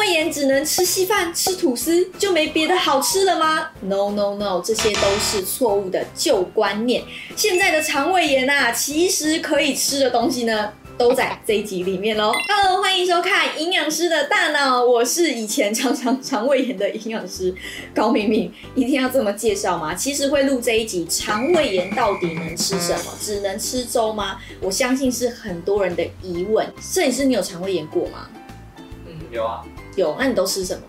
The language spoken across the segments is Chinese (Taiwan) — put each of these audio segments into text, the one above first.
腸胃炎只能吃稀飯、吃吐司，就沒別的好吃了嗎？No No No，這些都是錯誤的舊觀念。現在的腸胃炎啊，其實可以吃的東西呢，都在這一集裡面嘍。Hello，歡迎收看營養師的大腦，我是以前常常腸胃炎的營養師高敏敏。一定要這麼介紹嗎？其實會錄這一集，腸胃炎到底能吃什麼？只能吃粥嗎？我相信是很多人的疑問。攝影師，你有腸胃炎過嗎？嗯，有啊。有，那你都吃什麼？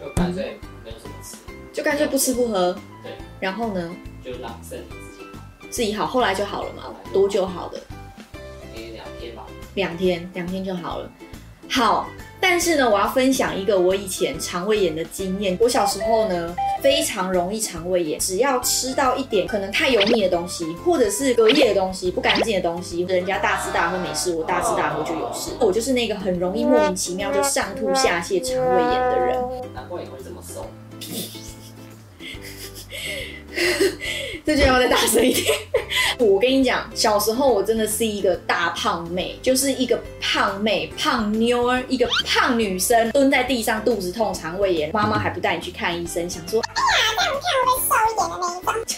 就乾脆沒有什麼吃，就乾脆不吃不喝。對，然後呢？就讓自，自己好，自己好，後來就好了嘛。就多久好的？兩天，天吧。兩天，兩天就好了。好。但是呢，我要分享一個我以前腸胃炎的經驗。我小時候呢，非常容易腸胃炎，只要吃到一點可能太油膩的東西，或者是隔夜的東西、不乾淨的東西，人家大吃大喝沒事，我大吃大喝就有事。Oh. 我就是那個很容易莫名其妙就上吐下瀉、腸胃炎的人。難怪你會這麼瘦。這句話要再大聲一點。我跟你講，小時候我真的是一個大胖妹，就是一個胖妹、胖妞兒、一個胖女生，蹲在地上肚子痛、腸胃炎，媽媽還不帶你去看醫生，想說。胖的瘦一點的那一種，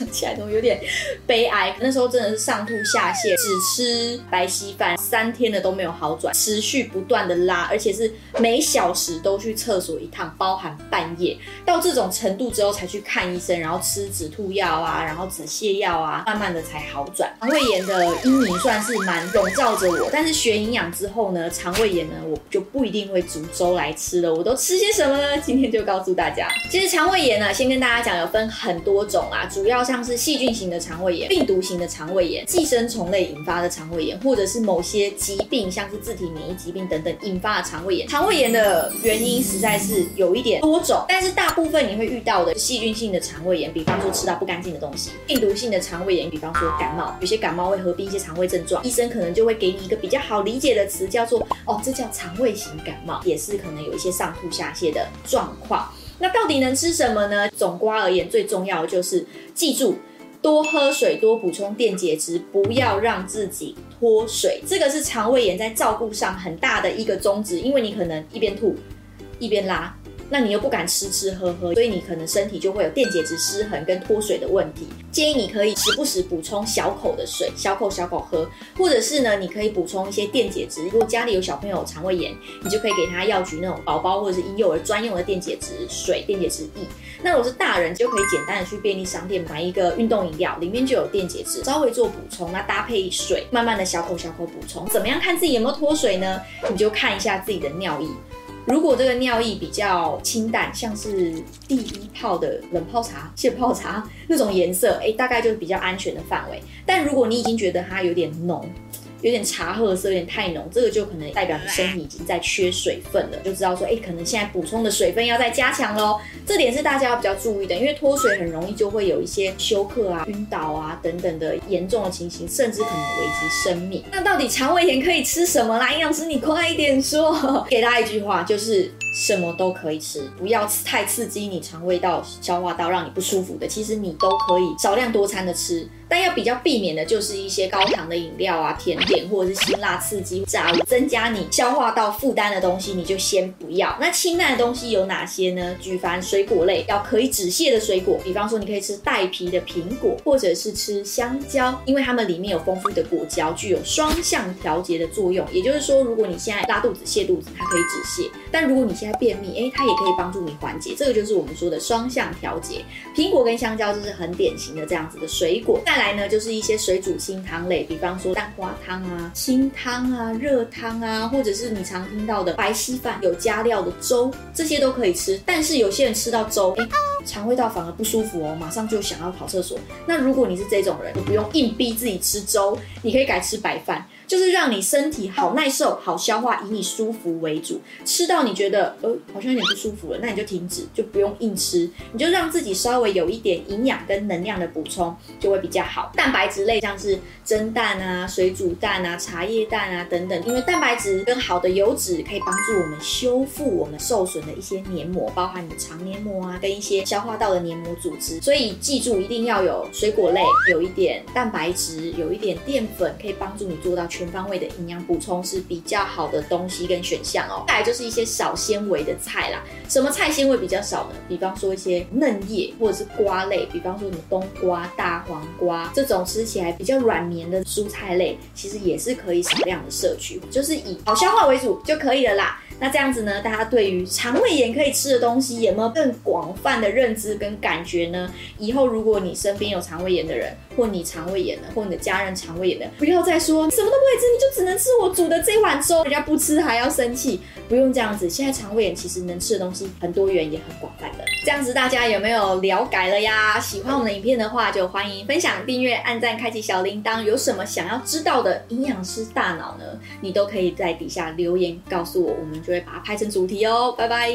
講起來都有點悲哀。那時候真的是上吐下瀉，只吃白稀飯，三天了都沒有好轉，持續不斷的拉，而且是每小時都去廁所一趟，包含半夜。到這種程度之後才去看醫生，然後吃止吐藥啊，然後止瀉藥啊，慢慢的才好轉。腸胃炎的陰影算是蠻籠罩着我，但是學營養之後呢，腸胃炎呢，我就不一定會煮粥來吃了。我都吃些什麼呢？今天就告訴大家。其實腸胃炎呢，先跟大家講。分很多種啊，主要像是細菌型的腸胃炎、病毒型的腸胃炎、寄生蟲類引發的腸胃炎，或者是某些疾病，像是自體免疫疾病等等引發的腸胃炎。腸胃炎的原因實在是有一點多種，但是大部分你會遇到的是細菌性的腸胃炎，比方說吃到不乾淨的東西；病毒性的腸胃炎，比方說感冒，有些感冒會合併一些腸胃症狀，醫生可能就會給你一個比較好理解的詞，叫做“哦，這叫腸胃型感冒”，也是可能有一些上吐下瀉的狀況。那到底能吃什麼呢？總括而言，最重要的就是記住，多喝水，多補充電解質，不要讓自己脫水。這個是腸胃炎在照顧上很大的一個宗旨，因為你可能一邊吐，一邊拉。那你又不敢吃吃喝喝，所以你可能身體就會有電解質失衡跟脫水的問題。建議你可以時不時補充小口的水，小口小口喝，或者是呢，你可以補充一些電解質。如果家裡有小朋友有腸胃炎，你就可以給他藥局那種寶寶或者是嬰幼兒專用的電解質水、電解質液。那如果是大人，就可以簡單的去便利商店買一個運動飲料，裡面就有電解質，稍微做補充，那搭配水，慢慢的小口小口補充。怎麼樣？看自己有沒有脫水呢？你就看一下自己的尿液。如果這個尿液比較清淡，像是第一泡的冷泡茶、現泡茶那種顏色，哎、欸，大概就是比較安全的範圍。但如果你已經覺得它有點濃。有點茶褐色，有點太濃，這個就可能代表你身體已經在缺水分了，就知道說，哎、欸，可能現在補充的水分要再加強嘍。這點是大家要比較注意的，因為脫水很容易就會有一些休克啊、暈倒啊等等的嚴重的情形，甚至可能危及生命。那到底腸胃炎可以吃什麼啦？營養師，你快一點說。給大家一句話，就是什麼都可以吃，不要太刺激你腸胃道、消化道，讓你不舒服的，其實你都可以少量多餐的吃。但要比較避免的就是一些高糖的飲料啊、甜點或者是辛辣刺激、炸物，增加你消化道負擔的東西，你就先不要。那清淡的東西有哪些呢？舉凡水果類要可以止瀉的水果，比方說你可以吃帶皮的蘋果，或者是吃香蕉，因為它們裡面有豐富的果膠，具有雙向調節的作用。也就是說，如果你現在拉肚子、瀉肚子，它可以止瀉；但如果你現在便秘，誒、欸，它也可以幫助你緩解。這個就是我們說的雙向調節。蘋果跟香蕉就是很典型的這樣子的水果，但。再來呢，就是一些水煮清湯類，比方說蛋花湯啊、清湯啊、熱湯啊，或者是你常聽到的白稀飯、有加料的粥，這些都可以吃。但是有些人吃到粥。腸胃道反而不舒服哦，馬上就想要跑廁所。那如果你是這種人，你不用硬逼自己吃粥，你可以改吃白飯，就是讓你身體好耐受、好消化，以你舒服為主。吃到你覺得呃好像有點不舒服了，那你就停止，就不用硬吃，你就讓自己稍微有一點營養跟能量的補充，就會比較好。蛋白質類像是蒸蛋啊、水煮蛋啊、茶葉蛋啊等等，因為蛋白質跟好的油脂可以幫助我們修復我們受損的一些黏膜，包含你的腸黏膜啊跟一些。消化道的黏膜組織，所以記住一定要有水果類，有一點蛋白質，有一點澱粉，可以幫助你做到全方位的營養補充，是比較好的東西跟選項哦。再來就是一些少纖維的菜啦，什麼菜纖維比較少呢？比方說一些嫩葉或者是瓜類，比方說什麼冬瓜、大黃瓜這種吃起來比較軟綿的蔬菜類，其實也是可以少量的攝取，就是以好消化為主就可以了啦。那這樣子呢，大家對於腸胃炎可以吃的東西，有沒有更廣泛的認知跟感覺呢？以後如果你身邊有腸胃炎的人，或你腸胃炎的，或你的家人腸胃炎的，不要再說什麼都不會吃，你就只能吃我煮的這一碗粥，人家不吃還要生氣，不用這樣子。現在腸胃炎其實能吃的東西很多元也很廣泛的，這樣子大家有沒有了解了呀？喜歡我們的影片的話，就歡迎分享、訂閱、按讚、開啟小鈴鐺。有什麼想要知道的營養師大腦呢？你都可以在底下留言告訴我，我們就會把它拍成主題哦。拜拜。